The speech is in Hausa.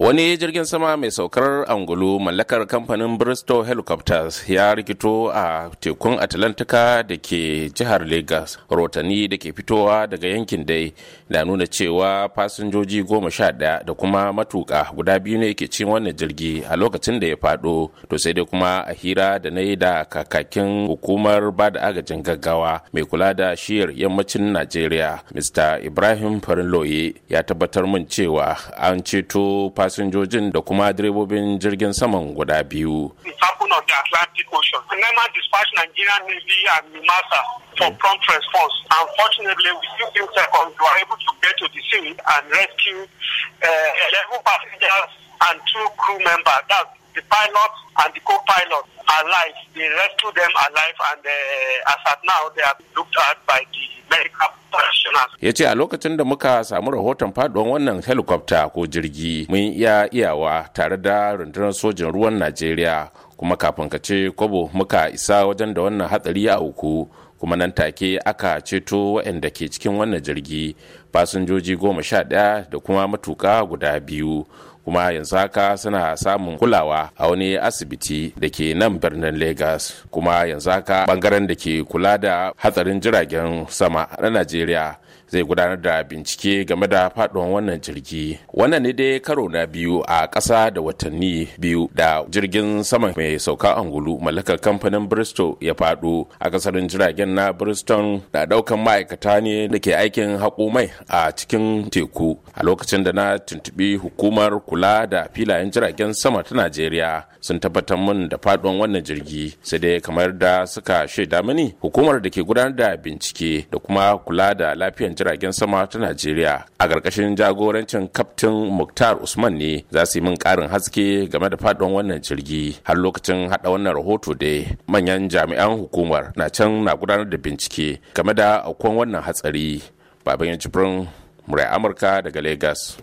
wani jirgin sama mai saukar angulu mallakar kamfanin bristol helicopters ya rikito a tekun atlantika da ke jihar lagos rotani da ke fitowa daga yankin dai na nuna cewa fasinjoji goma sha ɗaya da kuma matuka guda biyu ne ke cin wannan jirgi a lokacin da ya faɗo to sai dai kuma a hira da na yi da kakakin hukumar ba da agajin gaggawa mai kula da shiyar yammacin najeriya mr ibrahim farin loye ya tabbatar min cewa an ceto fasinjojin da kuma direbobin jirgin saman guda biyu. for prompt response. Unfortunately, we still few seconds, we were able to get to the scene and rescue uh, 11 passengers and two crew members. That's the pilot and the co-pilot alive. They rescued them alive, and uh, as at now, they are looked at by the ya ce a lokacin da muka samu rahoton faduwan wannan helikofta ko jirgi mun iya iyawa tare da rundunar sojin ruwan najeriya kuma kafin ka ce kwabo muka isa wajen da wannan hatsari ya auku kuma nan take aka ceto waɗanda ke cikin wannan jirgi fasinjoji goma sha ɗaya da kuma matuƙa guda biyu kuma yanzu haka suna samun kulawa a wani asibiti da ke nan birnin Legas kuma yanzu haka bangaren da ke kula da hatsarin jiragen sama na Najeriya zai gudanar da bincike game da faduwan wannan jirgi wannan ne dai karo na biyu a ƙasa da watanni biyu da jirgin sama mai sauka angulu mallakar kamfanin bristol ya fado a kasarin jiragen na bristol da daukan ma'aikata ne da ke aikin haƙo mai a cikin teku a lokacin da na tuntubi hukumar kula da filayen jiragen sama ta najeriya sun tabbatar mun da faduwan wannan jirgi sai dai kamar da suka shaida mini hukumar da ke gudanar da bincike da kuma kula da lafiyan jiragen sama ta najeriya a ƙarƙashin jagorancin kaftin muktar usman ne za su yi min ƙarin haske game da faduwan wannan jirgi har lokacin haɗa wannan rahoto dai manyan jami'an hukumar na can na gudanar da bincike game da akwai wannan hatsari baban ya jibrin murai amurka daga lagos